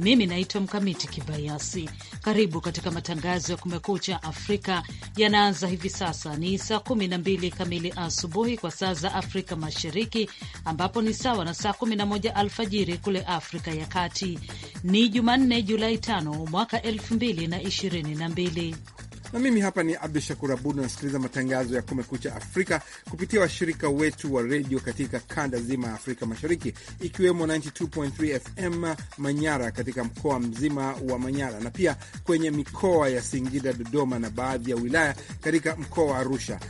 Mimi naitwa Mkamiti Kibayasi. Karibu katika matangazo ya Kumekucha Afrika, yanaanza hivi sasa. Ni saa 12 kamili asubuhi kwa saa za Afrika Mashariki, ambapo ni sawa na saa moja alfajiri kule Afrika ya Kati. Ni Jumanne, Julai 5 mwaka mbili na mimi hapa ni Abdu Shakur Abud. Unasikiliza matangazo ya Kumekucha Afrika kupitia washirika wetu wa redio katika kanda zima ya Afrika Mashariki, ikiwemo 92.3 FM Manyara katika mkoa mzima wa Manyara na pia kwenye mikoa ya Singida, Dodoma na baadhi ya wilaya katika mkoa wa Arusha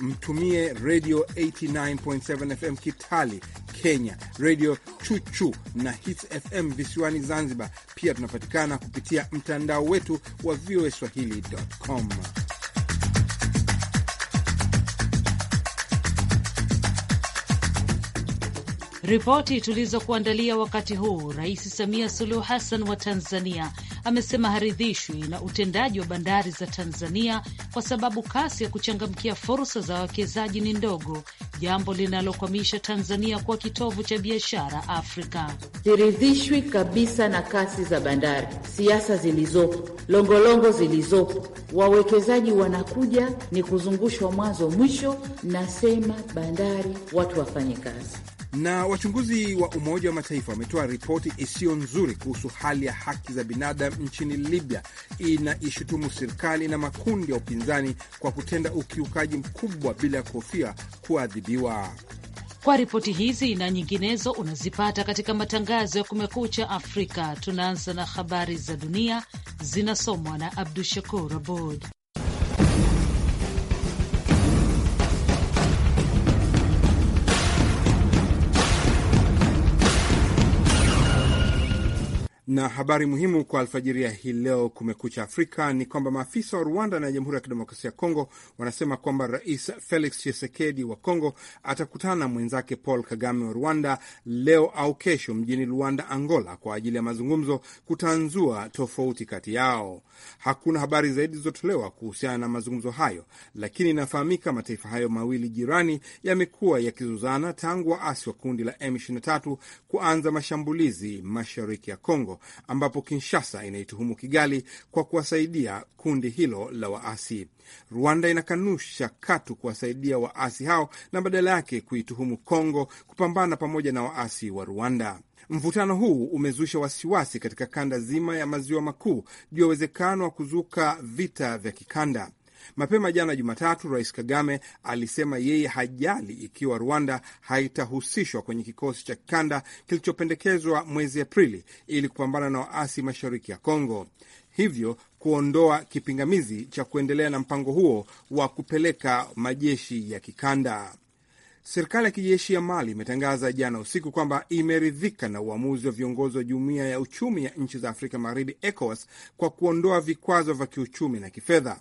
mtumie Radio 89.7 FM kitali Kenya, Radio Chuchu na Hits FM visiwani Zanzibar. Pia tunapatikana kupitia mtandao wetu wa voa swahilicom Ripoti tulizokuandalia wakati huu, Rais Samia Suluhu Hassan wa Tanzania amesema haridhishwi na utendaji wa bandari za Tanzania kwa sababu kasi ya kuchangamkia fursa za wawekezaji ni ndogo, jambo linalokwamisha Tanzania kuwa kitovu cha biashara Afrika. Siridhishwi kabisa na kasi za bandari, siasa zilizopo, longolongo zilizopo, wawekezaji wanakuja ni kuzungushwa mwanzo mwisho. Nasema bandari, watu wafanye kazi. Na wachunguzi wa Umoja wa Mataifa wametoa ripoti isiyo nzuri kuhusu hali ya haki za binadamu nchini Libya. Inaishutumu serikali na makundi ya upinzani kwa kutenda ukiukaji mkubwa bila ya kuhofia kuadhibiwa. Kwa ripoti hizi na nyinginezo unazipata katika matangazo ya Kumekucha Afrika. Tunaanza na habari za dunia zinasomwa na Abdu Shakur Abod. Na habari muhimu kwa alfajiria hii leo Kumekucha Afrika ni kwamba maafisa wa Rwanda na Jamhuri ya Kidemokrasia ya Kongo wanasema kwamba Rais Felix Tshisekedi wa Kongo atakutana na mwenzake Paul Kagame wa Rwanda leo au kesho mjini Luanda, Angola, kwa ajili ya mazungumzo kutanzua tofauti kati yao. Hakuna habari zaidi zilizotolewa kuhusiana na mazungumzo hayo, lakini inafahamika mataifa hayo mawili jirani yamekuwa yakizuzana tangu waasi wa kundi la M23 kuanza mashambulizi mashariki ya Kongo ambapo Kinshasa inaituhumu Kigali kwa kuwasaidia kundi hilo la waasi. Rwanda inakanusha katu kuwasaidia waasi hao na badala yake kuituhumu Kongo kupambana pamoja na waasi wa Rwanda. Mvutano huu umezusha wasiwasi katika kanda zima ya maziwa makuu juu ya uwezekano wa kuzuka vita vya kikanda. Mapema jana Jumatatu, Rais Kagame alisema yeye hajali ikiwa Rwanda haitahusishwa kwenye kikosi cha kikanda kilichopendekezwa mwezi Aprili ili kupambana na waasi mashariki ya Kongo, hivyo kuondoa kipingamizi cha kuendelea na mpango huo wa kupeleka majeshi ya kikanda. Serikali ya kijeshi ya Mali imetangaza jana usiku kwamba imeridhika na uamuzi wa viongozi wa Jumuiya ya Uchumi ya Nchi za Afrika Magharibi, ECOWAS, kwa kuondoa vikwazo vya kiuchumi na kifedha.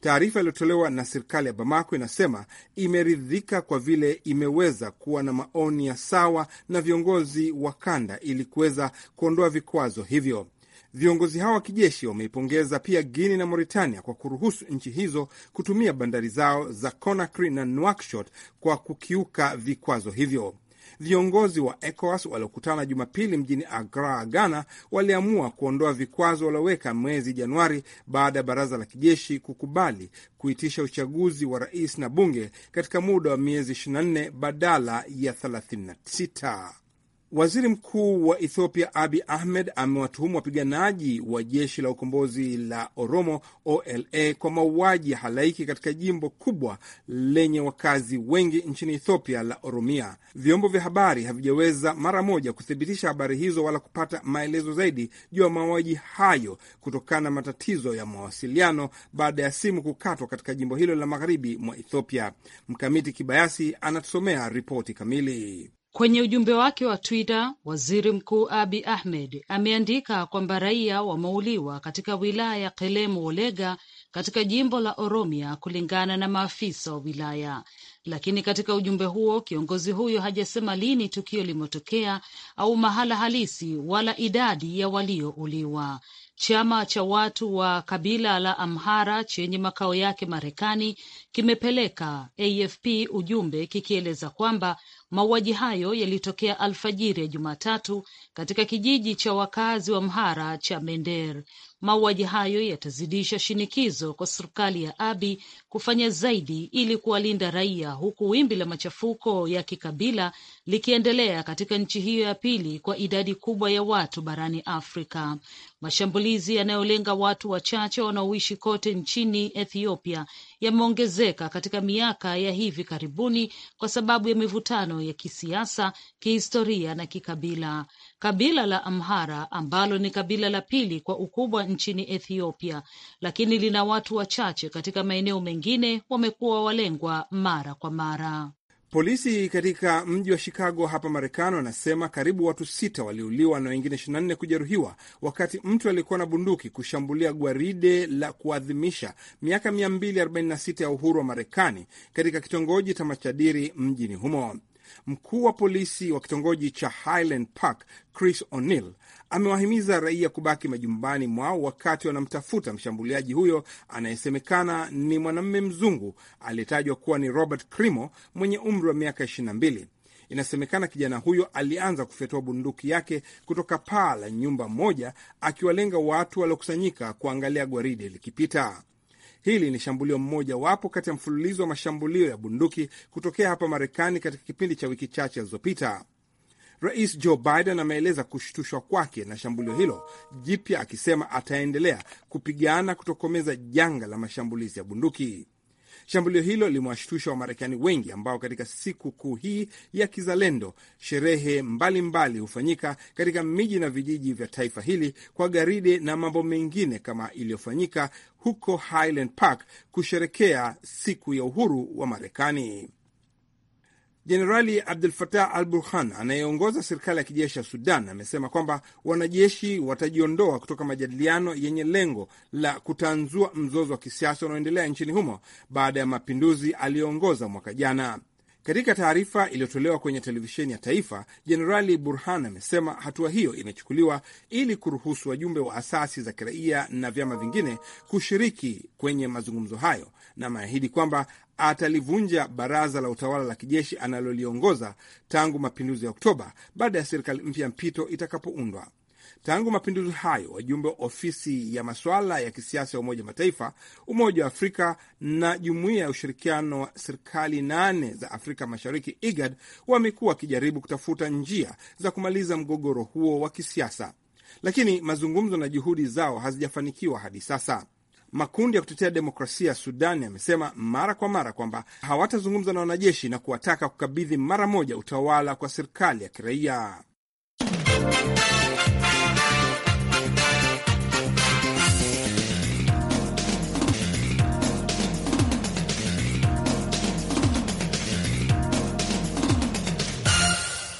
Taarifa iliyotolewa na serikali ya Bamako inasema imeridhika kwa vile imeweza kuwa na maoni ya sawa na viongozi wa kanda ili kuweza kuondoa vikwazo hivyo. Viongozi hao wa kijeshi wameipongeza pia Guini na Mauritania kwa kuruhusu nchi hizo kutumia bandari zao za Conakry na Nouakchott kwa kukiuka vikwazo hivyo viongozi wa ECOWAS waliokutana Jumapili mjini agra Ghana, waliamua kuondoa vikwazo walioweka mwezi Januari baada ya baraza la kijeshi kukubali kuitisha uchaguzi wa rais na bunge katika muda wa miezi 24 badala ya 36. Waziri Mkuu wa Ethiopia Abi Ahmed amewatuhumu wapiganaji wa jeshi la ukombozi la Oromo OLA kwa mauaji ya halaiki katika jimbo kubwa lenye wakazi wengi nchini Ethiopia la Oromia. Vyombo vya habari havijaweza mara moja kuthibitisha habari hizo wala kupata maelezo zaidi juu ya mauaji hayo kutokana na matatizo ya mawasiliano baada ya simu kukatwa katika jimbo hilo la magharibi mwa Ethiopia. Mkamiti Kibayasi anatusomea ripoti kamili. Kwenye ujumbe wake wa Twitter, Waziri Mkuu abi Ahmed ameandika kwamba raia wameuliwa katika wilaya ya Kelemu-Olega katika jimbo la Oromia, kulingana na maafisa wa wilaya. Lakini katika ujumbe huo kiongozi huyo hajasema lini tukio limetokea au mahala halisi wala idadi ya waliouliwa. Chama cha watu wa kabila la Amhara chenye makao yake Marekani kimepeleka AFP ujumbe kikieleza kwamba mauaji hayo yalitokea alfajiri ya Jumatatu katika kijiji cha wakazi wa mhara cha Mender Mauaji hayo yatazidisha shinikizo kwa serikali ya abi kufanya zaidi ili kuwalinda raia, huku wimbi la machafuko ya kikabila likiendelea katika nchi hiyo ya pili kwa idadi kubwa ya watu barani Afrika. Mashambulizi yanayolenga watu wachache wanaoishi kote nchini Ethiopia yameongezeka katika miaka ya hivi karibuni kwa sababu ya mivutano ya kisiasa, kihistoria na kikabila. Kabila la Amhara ambalo ni kabila la pili kwa ukubwa nchini Ethiopia, lakini lina watu wachache katika maeneo mengine, wamekuwa walengwa mara kwa mara. Polisi katika mji wa Chicago hapa Marekani wanasema karibu watu sita waliuliwa na wengine 24 kujeruhiwa wakati mtu aliyekuwa na bunduki kushambulia gwaride la kuadhimisha miaka 246 ya uhuru wa Marekani katika kitongoji cha Machadiri mjini humo. Mkuu wa polisi wa kitongoji cha Highland Park Chris O'Neill amewahimiza raia kubaki majumbani mwao wakati wanamtafuta mshambuliaji huyo anayesemekana ni mwanamume mzungu aliyetajwa kuwa ni Robert Crimo mwenye umri wa miaka 22. Inasemekana kijana huyo alianza kufyatua bunduki yake kutoka paa la nyumba moja akiwalenga watu waliokusanyika kuangalia gwaride likipita. Hili ni shambulio mmoja wapo kati ya mfululizo wa mashambulio ya bunduki kutokea hapa Marekani katika kipindi cha wiki chache zilizopita. Rais Joe Biden ameeleza kushtushwa kwake na shambulio hilo jipya, akisema ataendelea kupigana kutokomeza janga la mashambulizi ya bunduki. Shambulio hilo limewashtusha Wamarekani wengi ambao katika siku kuu hii ya kizalendo sherehe mbalimbali hufanyika mbali katika miji na vijiji vya taifa hili kwa garide na mambo mengine kama iliyofanyika huko Highland Park kusherekea siku ya uhuru wa Marekani. Jenerali Abdul Fatah al Burhan anayeongoza serikali ya kijeshi ya Sudan amesema kwamba wanajeshi watajiondoa kutoka majadiliano yenye lengo la kutanzua mzozo wa kisiasa unaoendelea nchini humo baada ya mapinduzi aliyoongoza mwaka jana. Katika taarifa iliyotolewa kwenye televisheni ya taifa, Jenerali Burhan amesema hatua hiyo inachukuliwa ili kuruhusu wajumbe wa asasi za kiraia na vyama vingine kushiriki kwenye mazungumzo hayo, na ameahidi kwamba atalivunja baraza la utawala la kijeshi analoliongoza tangu mapinduzi ya Oktoba baada ya serikali mpya mpito itakapoundwa. Tangu mapinduzi hayo, wajumbe wa ofisi ya masuala ya kisiasa ya Umoja Mataifa, Umoja wa Afrika na Jumuiya ya Ushirikiano wa Serikali Nane za Afrika Mashariki, IGAD, wamekuwa wakijaribu kutafuta njia za kumaliza mgogoro huo wa kisiasa, lakini mazungumzo na juhudi zao hazijafanikiwa hadi sasa. Makundi ya kutetea demokrasia ya Sudani yamesema mara kwa mara kwamba hawatazungumza na wanajeshi na kuwataka kukabidhi mara moja utawala kwa serikali ya kiraia.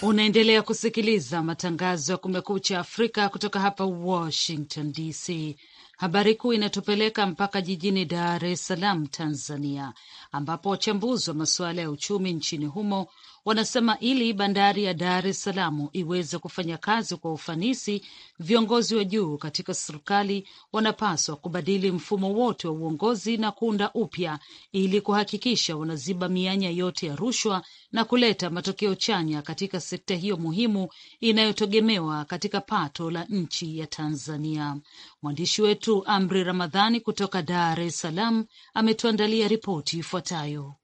Unaendelea kusikiliza matangazo ya Kumekucha Afrika kutoka hapa Washington DC. Habari kuu inatupeleka mpaka jijini Dar es Salaam, Tanzania, ambapo wachambuzi wa masuala ya uchumi nchini humo wanasema ili bandari ya Dar es Salaam iweze kufanya kazi kwa ufanisi, viongozi wa juu katika serikali wanapaswa kubadili mfumo wote wa uongozi na kuunda upya ili kuhakikisha wanaziba mianya yote ya rushwa na kuleta matokeo chanya katika sekta hiyo muhimu inayotegemewa katika pato la nchi ya Tanzania. Mwandishi wetu Amri Ramadhani kutoka Dar es Salaam ametuandalia ripoti ifuatayo.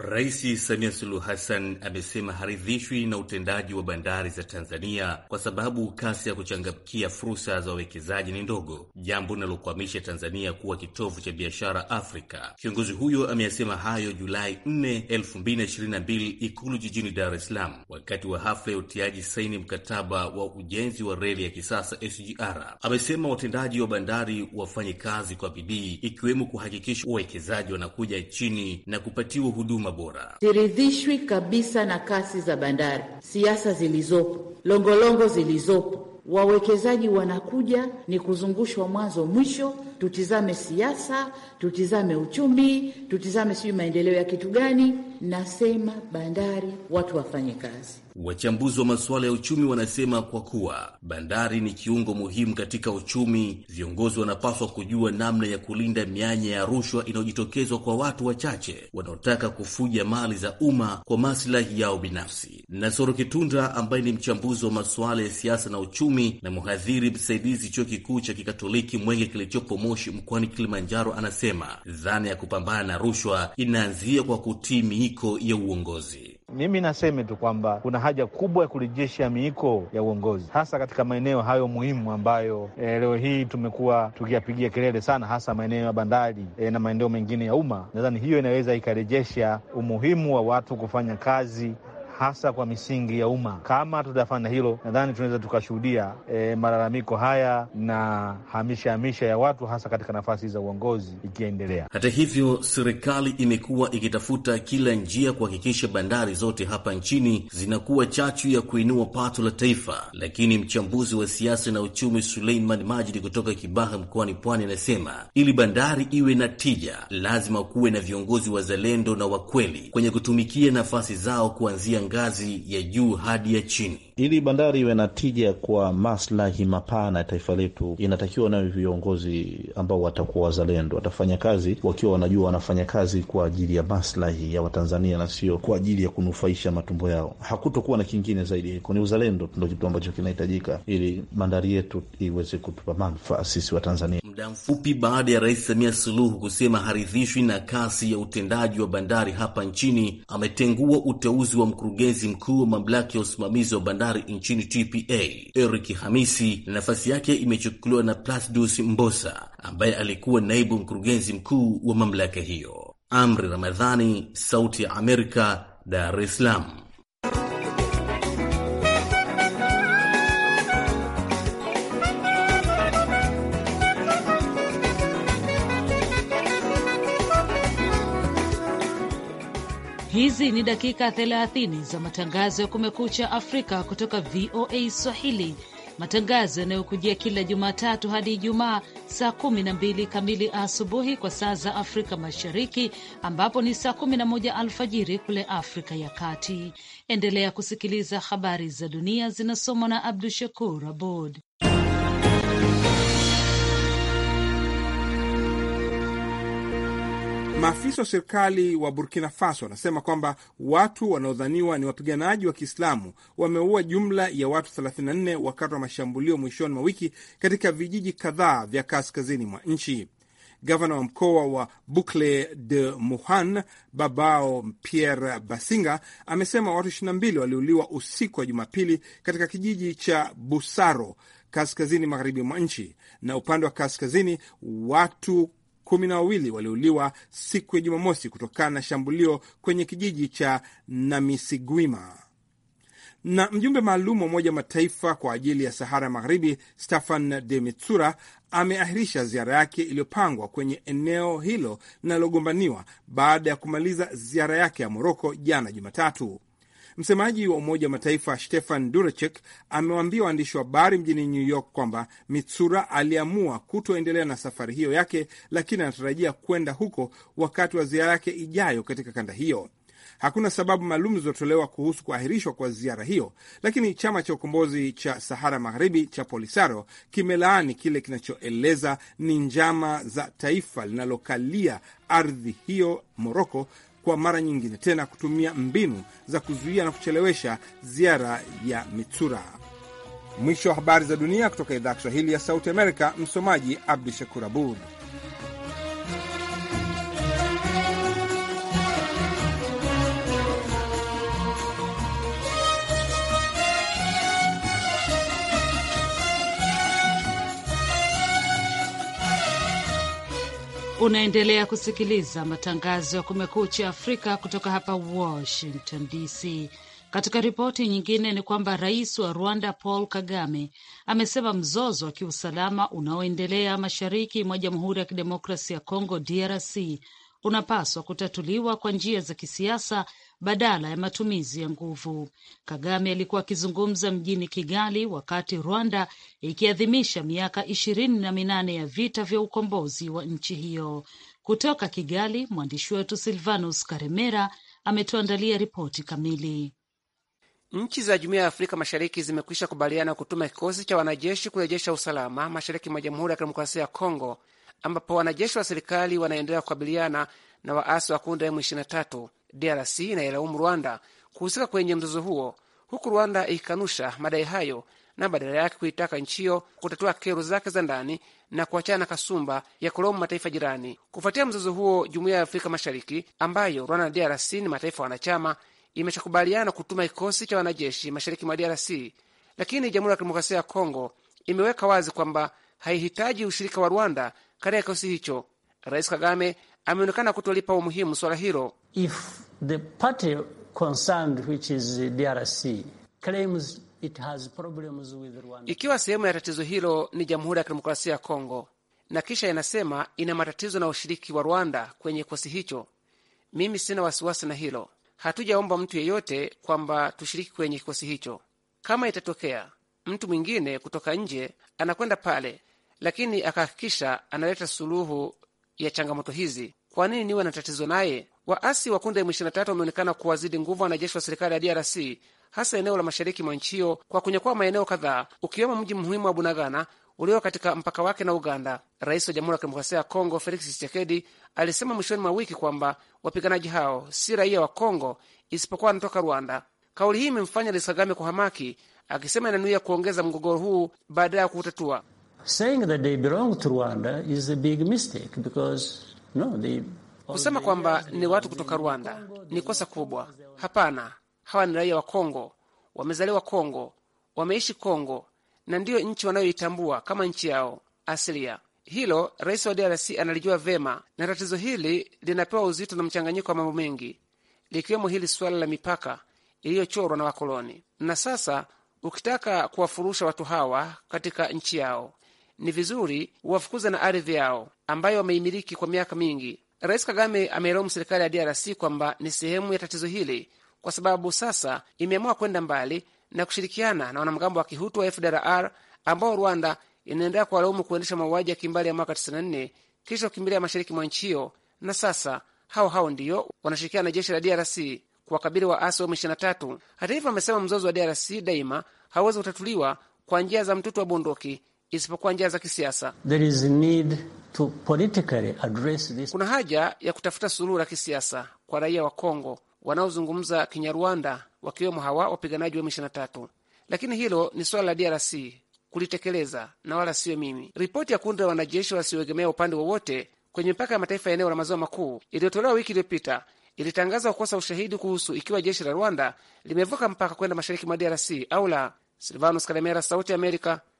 Rais Samia Suluhu Hassan amesema haridhishwi na utendaji wa bandari za Tanzania kwa sababu kasi ya kuchangamkia fursa za wawekezaji ni ndogo, jambo linalokwamisha Tanzania kuwa kitovu cha biashara Afrika. Kiongozi huyo ameyasema hayo Julai 4, 2022 Ikulu jijini Dar es Salaam wakati wa hafla ya utiaji saini mkataba wa ujenzi wa reli ya kisasa SGR. Amesema watendaji wa bandari wafanye kazi kwa bidii, ikiwemo kuhakikisha wawekezaji wanakuja chini na kupatiwa huduma huduma bora. Siridhishwi kabisa na kasi za bandari, siasa zilizopo, longolongo zilizopo. Wawekezaji wanakuja ni kuzungushwa mwanzo mwisho tutizame siasa, tutizame uchumi, tutizame sijui maendeleo ya kitu gani. Nasema bandari watu wafanye kazi. Wachambuzi wa masuala ya uchumi wanasema kwa kuwa bandari ni kiungo muhimu katika uchumi, viongozi wanapaswa kujua namna ya kulinda mianya ya rushwa inayojitokezwa kwa watu wachache wanaotaka kufuja mali za umma kwa maslahi yao binafsi. Nasoro Kitunda ambaye ni mchambuzi wa masuala ya siasa na uchumi na mhadhiri msaidizi chuo kikuu cha Kikatoliki Mwenge kilichopo Moshi mkoani Kilimanjaro anasema dhana ya kupambana na rushwa inaanzia kwa kutii miiko ya uongozi. Mimi naseme tu kwamba kuna haja kubwa ya kurejesha miiko ya uongozi hasa katika maeneo hayo muhimu ambayo e, leo hii tumekuwa tukiyapigia kelele sana, hasa maeneo ya bandari e, na maeneo mengine ya umma. Nadhani hiyo inaweza ikarejesha umuhimu wa watu kufanya kazi hasa kwa misingi ya umma. Kama tutafanya hilo, nadhani tunaweza tukashuhudia e, malalamiko haya na hamisha hamisha ya watu hasa katika nafasi za uongozi ikiendelea. Hata hivyo, serikali imekuwa ikitafuta kila njia kuhakikisha bandari zote hapa nchini zinakuwa chachu ya kuinua pato la taifa, lakini mchambuzi wa siasa na uchumi Suleiman Majidi kutoka Kibaha mkoani Pwani anasema ili bandari iwe na tija, lazima kuwe na viongozi wazalendo na wakweli kwenye kutumikia nafasi zao kuanzia ngazi ya juu hadi ya chini. Ili bandari iwe na tija kwa maslahi mapana ya taifa letu, inatakiwa nayo viongozi ambao watakuwa wazalendo, watafanya kazi wakiwa wanajua wanafanya kazi kwa ajili ya maslahi ya Watanzania na sio kwa ajili ya kunufaisha matumbo yao. Hakutokuwa na kingine zaidi hiko, ni uzalendo, ndo kitu ambacho kinahitajika ili bandari yetu iweze kutupa manufaa sisi Watanzania. Muda mfupi baada ya Rais Samia Suluhu kusema haridhishwi na kasi ya utendaji wa bandari hapa nchini, ametengua uteuzi wa mkurugenzi mkuu wa mamlaka ya usimamizi wa bandari Daktari nchini TPA Eric Hamisi, na nafasi yake imechukuliwa na Plasdus Mbosa ambaye alikuwa naibu mkurugenzi mkuu wa mamlaka hiyo. Amri Ramadhani, Sauti ya Amerika, Dar es Salaam. Hizi ni dakika 30 za matangazo ya Kumekucha Afrika kutoka VOA Swahili, matangazo yanayokujia kila Jumatatu hadi Ijumaa saa 12 kamili asubuhi kwa saa za Afrika Mashariki, ambapo ni saa 11 alfajiri kule Afrika ya Kati. Endelea kusikiliza habari za dunia zinasomwa na Abdu Shakur Abud. Maafisa wa serikali wa Burkina Faso wanasema kwamba watu wanaodhaniwa ni wapiganaji wa Kiislamu wameua jumla ya watu 34 wakati wa mashambulio mwishoni mwa wiki katika vijiji kadhaa vya kaskazini mwa nchi. Gavana wa mkoa wa Bukle de Muhan, Babao Pierre Basinga, amesema watu 22 waliuliwa usiku wa Jumapili katika kijiji cha Busaro, kaskazini magharibi mwa nchi, na upande wa kaskazini watu kumi na wawili waliuliwa siku ya Jumamosi kutokana na shambulio kwenye kijiji cha Namisigwima na mjumbe maalum wa Umoja Mataifa kwa ajili ya Sahara ya Magharibi Staffan de Mitsura ameahirisha ziara yake iliyopangwa kwenye eneo hilo linalogombaniwa baada ya kumaliza ziara yake ya Moroko jana Jumatatu. Msemaji wa Umoja wa Mataifa Stefan Durachek amewaambia waandishi wa habari mjini New York kwamba Mitsura aliamua kutoendelea na safari hiyo yake, lakini anatarajia kwenda huko wakati wa ziara yake ijayo katika kanda hiyo. Hakuna sababu maalum zilizotolewa kuhusu kuahirishwa kwa ziara hiyo, lakini chama cha ukombozi cha Sahara Magharibi cha Polisario kimelaani kile kinachoeleza ni njama za taifa linalokalia ardhi hiyo Moroko kwa mara nyingine tena kutumia mbinu za kuzuia na kuchelewesha ziara ya Mitsura. Mwisho wa habari za dunia kutoka idhaa ya Kiswahili ya Sauti Amerika. Msomaji Abdu Shakur Abud. Unaendelea kusikiliza matangazo ya Kumekucha Afrika kutoka hapa Washington DC. Katika ripoti nyingine ni kwamba rais wa Rwanda Paul Kagame amesema mzozo wa kiusalama unaoendelea mashariki mwa Jamhuri ya Kidemokrasia ya Kongo DRC unapaswa kutatuliwa kwa njia za kisiasa badala ya matumizi ya nguvu. Kagame alikuwa akizungumza mjini Kigali wakati Rwanda ikiadhimisha miaka ishirini na minane ya vita vya ukombozi wa nchi hiyo. Kutoka Kigali, mwandishi wetu Silvanus Karemera ametuandalia ripoti kamili. Nchi za Jumuiya ya Afrika Mashariki zimekwisha kubaliana kutuma kikosi cha wanajeshi kurejesha usalama mashariki mwa Jamhuri ya Kidemokrasia ya Kongo ambapo wanajeshi wa serikali wanaendelea kukabiliana na waasi wa kundi la M23. DRC inailaumu Rwanda kuhusika kwenye mzozo huo, huku Rwanda ikikanusha madai hayo na badala yake kuitaka nchi hiyo kutatua kero zake za ndani na kuachana na kasumba ya kulaumu mataifa jirani. Kufuatia mzozo huo, jumuiya ya Afrika Mashariki ambayo Rwanda na DRC ni mataifa wanachama imeshakubaliana kutuma kikosi cha wanajeshi mashariki mwa DRC, lakini Jamhuri ya Kidemokrasia ya Kongo imeweka wazi kwamba haihitaji ushirika wa Rwanda katika kikosi hicho, Rais Kagame ameonekana kutolipa umuhimu swala hilo. If the party concerned which is DRC claims it has problems with Rwanda. Ikiwa sehemu ya tatizo hilo ni Jamhuri ya Kidemokrasia ya Kongo na kisha inasema ina matatizo na ushiriki wa Rwanda kwenye kikosi hicho, mimi sina wasiwasi na hilo. Hatujaomba mtu yeyote kwamba tushiriki kwenye kikosi hicho. Kama itatokea mtu mwingine kutoka nje anakwenda pale lakini akahakikisha analeta suluhu ya changamoto hizi. Kwa nini niwe na tatizo naye? Waasi wa kundi la M23 wameonekana kuwazidi nguvu wanajeshi wa serikali ya DRC hasa eneo la mashariki mwa nchi hiyo kwa kunyakuwa maeneo kadhaa ukiwemo mji muhimu wa Bunagana ulio katika mpaka wake na Uganda. Rais wa Jamhuri ya Kidemokrasia ya Kongo Felix Tshisekedi alisema mwishoni mwa wiki kwamba wapiganaji hao si raia wa Kongo isipokuwa wanatoka Rwanda. Kauli hii imemfanya Rais Kagame kuhamaki, akisema inanuia kuongeza mgogoro huu baada ya kuutatua. Saying that they belong to Rwanda is a big mistake because, no, they... Kusema kwamba ni watu kutoka Rwanda ni kosa kubwa. Hapana, hawa ni raia wa Kongo, wamezaliwa Kongo, wameishi Kongo na ndiyo nchi wanayoitambua kama nchi yao asilia. Hilo rais wa DRC analijua vema, na tatizo hili linapewa uzito na mchanganyiko wa mambo mengi, likiwemo hili suala la mipaka iliyochorwa na wakoloni. Na sasa ukitaka kuwafurusha watu hawa katika nchi yao ni vizuri wafukuza na ardhi yao ambayo wameimiliki kwa miaka mingi. Rais Kagame ameelomu serikali ya DRC kwamba ni sehemu ya tatizo hili kwa sababu sasa imeamua kwenda mbali na kushirikiana na wanamgambo wa kihutu wa fdrr ambao Rwanda inaendelea kuwalaumu kuendesha mauaji ya kimbali ya mwaka 94 kisha kukimbilia mashariki mwa nchi hiyo, na sasa hao hao ndiyo wanashirikiana na jeshi la DRC kuwakabili waasi wa M23. Hata hivyo, amesema mzozo wa DRC daima hauwezi kutatuliwa kwa njia za mtutu wa bunduki, isipokuwa njia za kisiasa. There is need to politically address this. Kuna haja ya kutafuta suluhu la kisiasa kwa raia wa Kongo wanaozungumza Kinyarwanda, wakiwemo hawa wapiganaji wa M23, lakini hilo ni swala la DRC kulitekeleza na wala siyo mimi. Ripoti ya kundi la wanajeshi wasioegemea upande wowote kwenye mpaka ya mataifa ya eneo la maziwa makuu iliyotolewa wiki iliyopita ilitangaza kukosa ushahidi kuhusu ikiwa jeshi la Rwanda limevuka mpaka kwenda mashariki mwa DRC au la. Silvanus Kalemera, Sauti ya Amerika,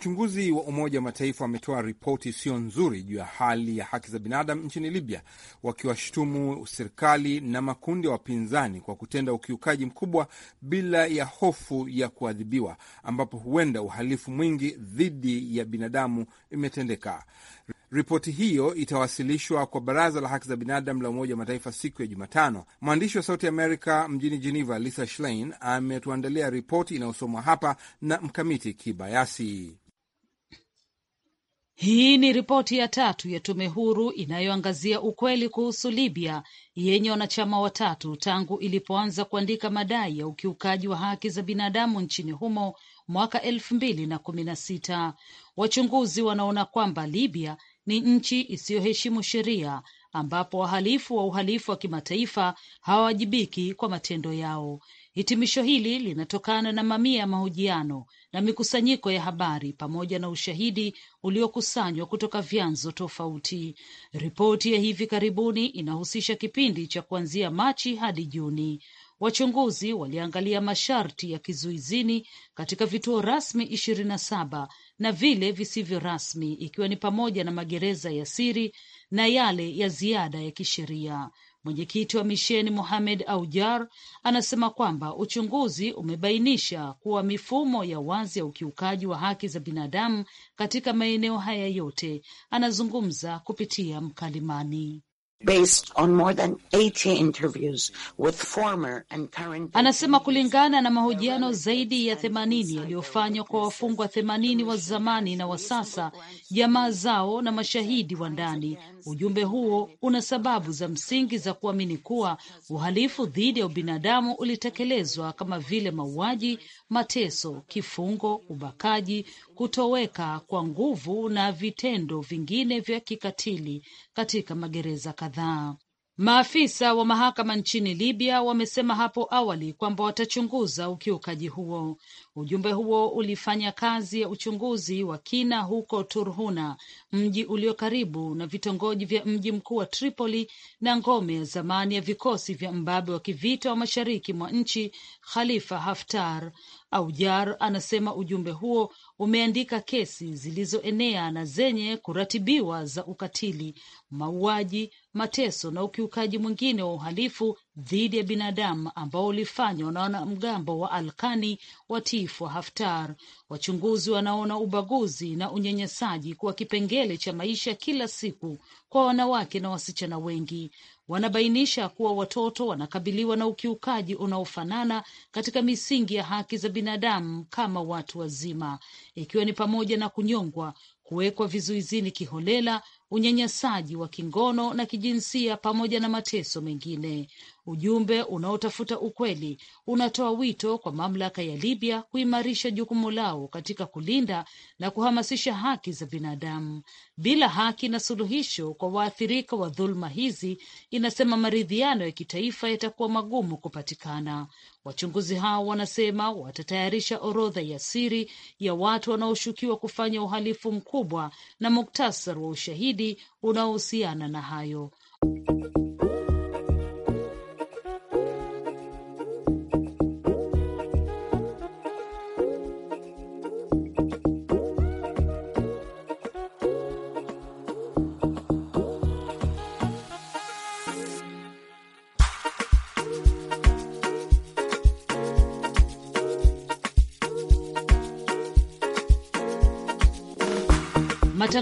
Wachunguzi wa Umoja wa Mataifa wametoa ripoti isiyo nzuri juu ya hali ya haki za binadamu nchini Libya, wakiwashutumu serikali na makundi ya wa wapinzani kwa kutenda ukiukaji mkubwa bila ya hofu ya kuadhibiwa, ambapo huenda uhalifu mwingi dhidi ya binadamu imetendeka. Ripoti hiyo itawasilishwa kwa Baraza la Haki za Binadamu la Umoja wa Mataifa siku ya Jumatano. Mwandishi wa Sauti Amerika mjini Geneva, Lisa Schlein, ametuandalia ripoti inayosomwa hapa na Mkamiti Kibayasi. Hii ni ripoti ya tatu ya tume huru inayoangazia ukweli kuhusu Libya yenye wanachama watatu tangu ilipoanza kuandika madai ya ukiukaji wa haki za binadamu nchini humo mwaka elfu mbili na kumi na sita. Wachunguzi wanaona kwamba Libya ni nchi isiyoheshimu sheria ambapo wahalifu wa uhalifu wa kimataifa hawawajibiki kwa matendo yao. Hitimisho hili linatokana na mamia ya mahojiano na mikusanyiko ya habari pamoja na ushahidi uliokusanywa kutoka vyanzo tofauti. Ripoti ya hivi karibuni inahusisha kipindi cha kuanzia Machi hadi Juni. Wachunguzi waliangalia masharti ya kizuizini katika vituo rasmi ishirini na saba na vile visivyo rasmi, ikiwa ni pamoja na magereza ya siri na yale ya ziada ya kisheria. Mwenyekiti wa misheni Mohamed Aujar anasema kwamba uchunguzi umebainisha kuwa mifumo ya wazi ya ukiukaji wa haki za binadamu katika maeneo haya yote. Anazungumza kupitia mkalimani. Based on more than 80 interviews with former and current... Anasema kulingana na mahojiano zaidi ya themanini yaliyofanywa kwa wafungwa themanini wa zamani na wa sasa, jamaa zao na mashahidi wa ndani, Ujumbe huo una sababu za msingi za kuamini kuwa uhalifu dhidi ya ubinadamu ulitekelezwa kama vile mauaji, mateso, kifungo, ubakaji, kutoweka kwa nguvu na vitendo vingine vya kikatili katika magereza kadhaa. Maafisa wa mahakama nchini Libya wamesema hapo awali kwamba watachunguza ukiukaji huo. Ujumbe huo ulifanya kazi ya uchunguzi wa kina huko Turhuna, mji ulio karibu na vitongoji vya mji mkuu wa Tripoli na ngome ya zamani ya vikosi vya mbabe wa kivita wa mashariki mwa nchi, Khalifa Haftar. Aujar anasema ujumbe huo umeandika kesi zilizoenea na zenye kuratibiwa za ukatili, mauaji, mateso na ukiukaji mwingine wa uhalifu dhidi ya binadamu ambao ulifanywa na wanamgambo wa Alkani watiifu wa Haftar. Wachunguzi wanaona ubaguzi na unyanyasaji kuwa kipengele cha maisha kila siku kwa wanawake na wasichana wengi. Wanabainisha kuwa watoto wanakabiliwa na ukiukaji unaofanana katika misingi ya haki za binadamu kama watu wazima, ikiwa ni pamoja na kunyongwa, kuwekwa vizuizini kiholela, unyanyasaji wa kingono na kijinsia pamoja na mateso mengine. Ujumbe unaotafuta ukweli unatoa wito kwa mamlaka ya Libya kuimarisha jukumu lao katika kulinda na kuhamasisha haki za binadamu. Bila haki na suluhisho kwa waathirika wa dhuluma hizi, inasema maridhiano ya kitaifa yatakuwa magumu kupatikana. Wachunguzi hao wanasema watatayarisha orodha ya siri ya watu wanaoshukiwa kufanya uhalifu mkubwa na muktasar wa ushahidi unaohusiana na hayo.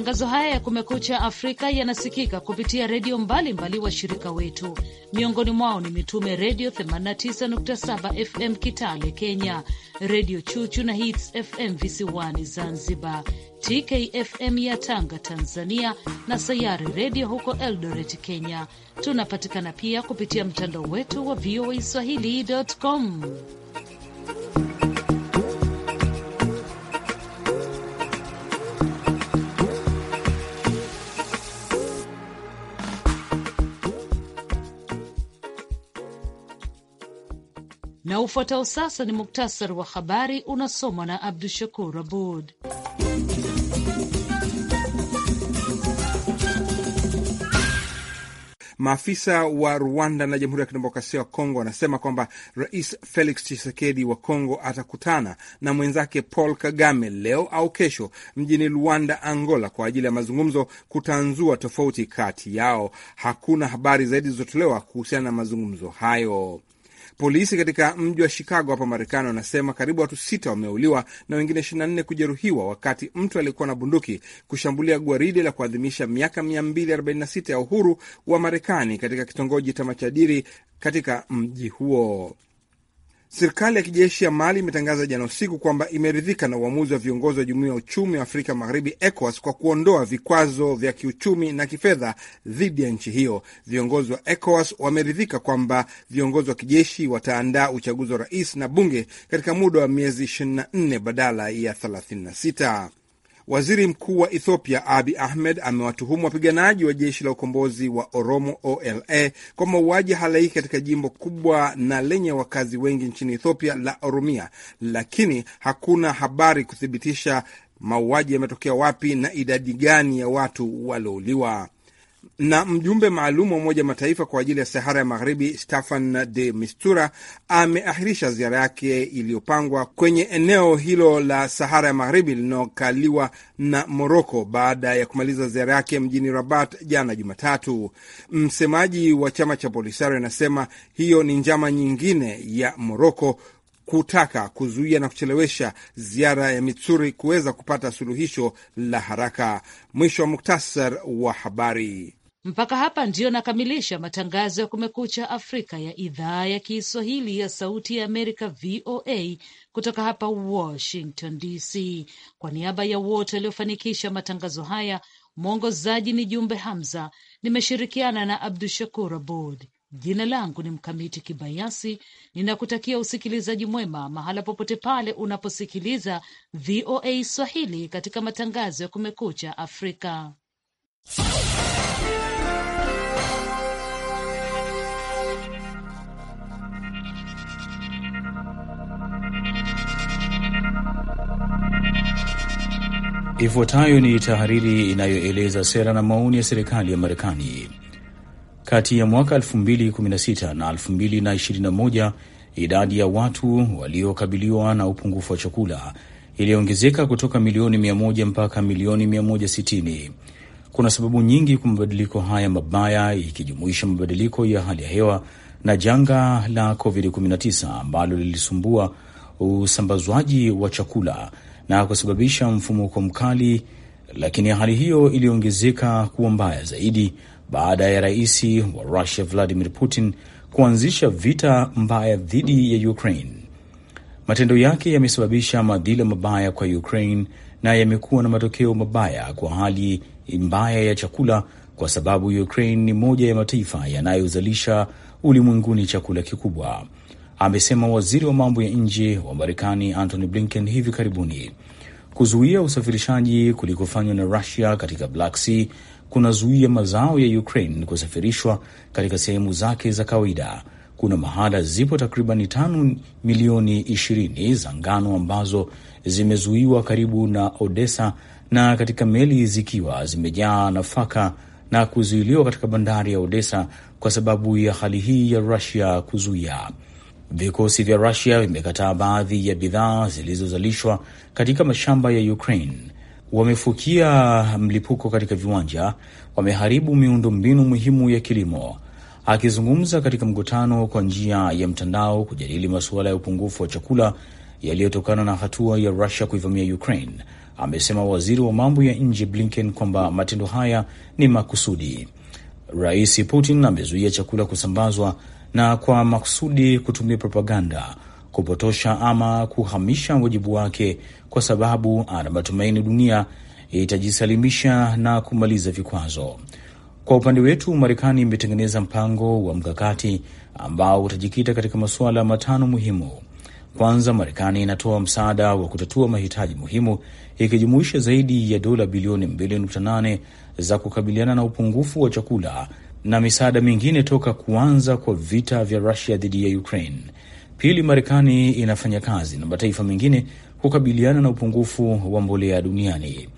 Matangazo haya ya Kumekucha Afrika yanasikika kupitia redio mbalimbali washirika wetu, miongoni mwao ni Mitume Redio 89.7 FM Kitale Kenya, Redio Chuchu na Hits FM visiwani Zanzibar, TKFM ya Tanga Tanzania, na Sayari Redio huko Eldoret Kenya. Tunapatikana pia kupitia mtandao wetu wa VOA swahili.com. Na ufuatao sasa ni muktasari wa habari unasomwa na Abdu Shakur Abud. Maafisa wa Rwanda na Jamhuri ya Kidemokrasia ya Kongo wanasema kwamba Rais Felix Tshisekedi wa Kongo atakutana na mwenzake Paul Kagame leo au kesho mjini Luanda, Angola, kwa ajili ya mazungumzo kutanzua tofauti kati yao. Hakuna habari zaidi zilizotolewa kuhusiana na mazungumzo hayo. Polisi katika mji wa Chicago hapa Marekani wanasema karibu watu sita wameuliwa na wengine 24 kujeruhiwa wakati mtu aliyekuwa na bunduki kushambulia gwaride la kuadhimisha miaka 246 ya uhuru wa Marekani katika kitongoji cha Machadiri katika mji huo. Serikali ya kijeshi ya Mali imetangaza jana usiku kwamba imeridhika na uamuzi wa viongozi wa Jumuiya ya Uchumi wa Afrika Magharibi, ECOWAS, kwa kuondoa vikwazo vya kiuchumi na kifedha dhidi ya nchi hiyo. Viongozi wa ECOWAS wameridhika kwamba viongozi wa kijeshi wataandaa uchaguzi wa rais na bunge katika muda wa miezi 24 badala ya 36. Waziri Mkuu wa Ethiopia Abi Ahmed amewatuhumu wapiganaji wa jeshi la ukombozi wa Oromo OLA kwa mauaji halaiki katika jimbo kubwa na lenye wakazi wengi nchini Ethiopia la Oromia, lakini hakuna habari kuthibitisha mauaji yametokea wapi na idadi gani ya watu waliouliwa. Na mjumbe maalum wa Umoja Mataifa kwa ajili ya Sahara ya Magharibi Staffan de Mistura ameahirisha ziara yake iliyopangwa kwenye eneo hilo la Sahara ya Magharibi linalokaliwa na Moroko baada ya kumaliza ziara yake mjini Rabat jana Jumatatu. Msemaji wa chama cha Polisario anasema hiyo ni njama nyingine ya Moroko kutaka kuzuia na kuchelewesha ziara ya Mitsuri kuweza kupata suluhisho la haraka. Mwisho wa muktasar wa habari. Mpaka hapa ndiyo nakamilisha matangazo ya Kumekucha Afrika ya idhaa ya Kiswahili ya Sauti ya Amerika, VOA, kutoka hapa Washington DC. Kwa niaba ya wote waliofanikisha matangazo haya, mwongozaji ni Jumbe Hamza, nimeshirikiana na Abdu Shakur Abud. Jina langu ni Mkamiti Kibayasi, ninakutakia usikilizaji mwema mahala popote pale unaposikiliza VOA Swahili katika matangazo ya Kumekucha Afrika. Ifuatayo ni tahariri inayoeleza sera na maoni ya serikali ya Marekani. Kati ya mwaka 2016 na 2021 idadi ya watu waliokabiliwa na upungufu wa chakula iliongezeka kutoka milioni 100 mpaka milioni 160. Kuna sababu nyingi kwa mabadiliko haya mabaya, ikijumuisha mabadiliko ya hali ya hewa na janga la COVID-19 ambalo lilisumbua usambazwaji wa chakula na kusababisha mfumuko mkali, lakini hali hiyo iliongezeka kuwa mbaya zaidi baada ya rais wa russia Vladimir Putin kuanzisha vita mbaya dhidi ya Ukraine. Matendo yake yamesababisha madhila mabaya kwa Ukraine na yamekuwa na matokeo mabaya kwa hali mbaya ya chakula, kwa sababu Ukraine ni moja ya mataifa yanayozalisha ulimwenguni chakula kikubwa amesema waziri wa mambo ya nje wa Marekani Antony Blinken hivi karibuni. Kuzuia usafirishaji kulikofanywa na Rusia katika Black Sea kunazuia mazao ya Ukraine kusafirishwa katika sehemu zake za kawaida. Kuna mahala zipo takribani tano milioni ishirini za ngano ambazo zimezuiwa karibu na Odessa na katika meli zikiwa zimejaa nafaka na kuzuiliwa katika bandari ya Odessa kwa sababu ya hali hii ya Rusia kuzuia Vikosi vya Rusia vimekataa baadhi ya bidhaa zilizozalishwa katika mashamba ya Ukraine. Wamefukia mlipuko katika viwanja, wameharibu miundo mbinu muhimu ya kilimo. Akizungumza katika mkutano kwa njia ya mtandao kujadili masuala ya upungufu wa chakula yaliyotokana na hatua ya Rusia kuivamia Ukraine, amesema waziri wa mambo ya nje Blinken kwamba matendo haya ni makusudi. Rais Putin amezuia chakula kusambazwa na kwa makusudi kutumia propaganda kupotosha ama kuhamisha wajibu wake, kwa sababu ana matumaini dunia itajisalimisha na kumaliza vikwazo. Kwa upande wetu, Marekani imetengeneza mpango wa mkakati ambao utajikita katika masuala matano muhimu. Kwanza, Marekani inatoa msaada wa kutatua mahitaji muhimu, ikijumuisha zaidi ya dola bilioni 2.8 za kukabiliana na upungufu wa chakula na misaada mingine toka kuanza kwa vita vya Rusia dhidi ya Ukraine. Pili, Marekani inafanya kazi na mataifa mengine kukabiliana na upungufu wa mbolea duniani.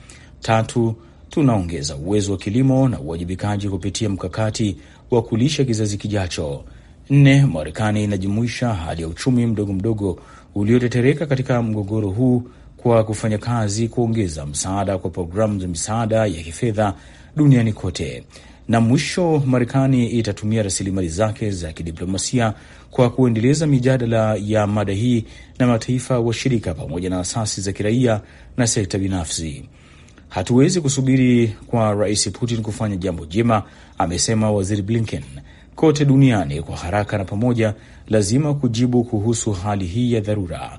Tatu, tunaongeza uwezo wa kilimo na uwajibikaji kupitia mkakati wa kulisha kizazi kijacho. Nne, Marekani inajumuisha hali ya uchumi mdogo mdogo uliotetereka katika mgogoro huu kwa kufanya kazi kuongeza msaada kwa programu za misaada ya kifedha duniani kote. Na mwisho, Marekani itatumia rasilimali zake za kidiplomasia kwa kuendeleza mijadala ya mada hii na mataifa washirika pamoja na asasi za kiraia na sekta binafsi. Hatuwezi kusubiri kwa Rais Putin kufanya jambo jema, amesema Waziri Blinken. Kote duniani kwa haraka na pamoja, lazima kujibu kuhusu hali hii ya dharura.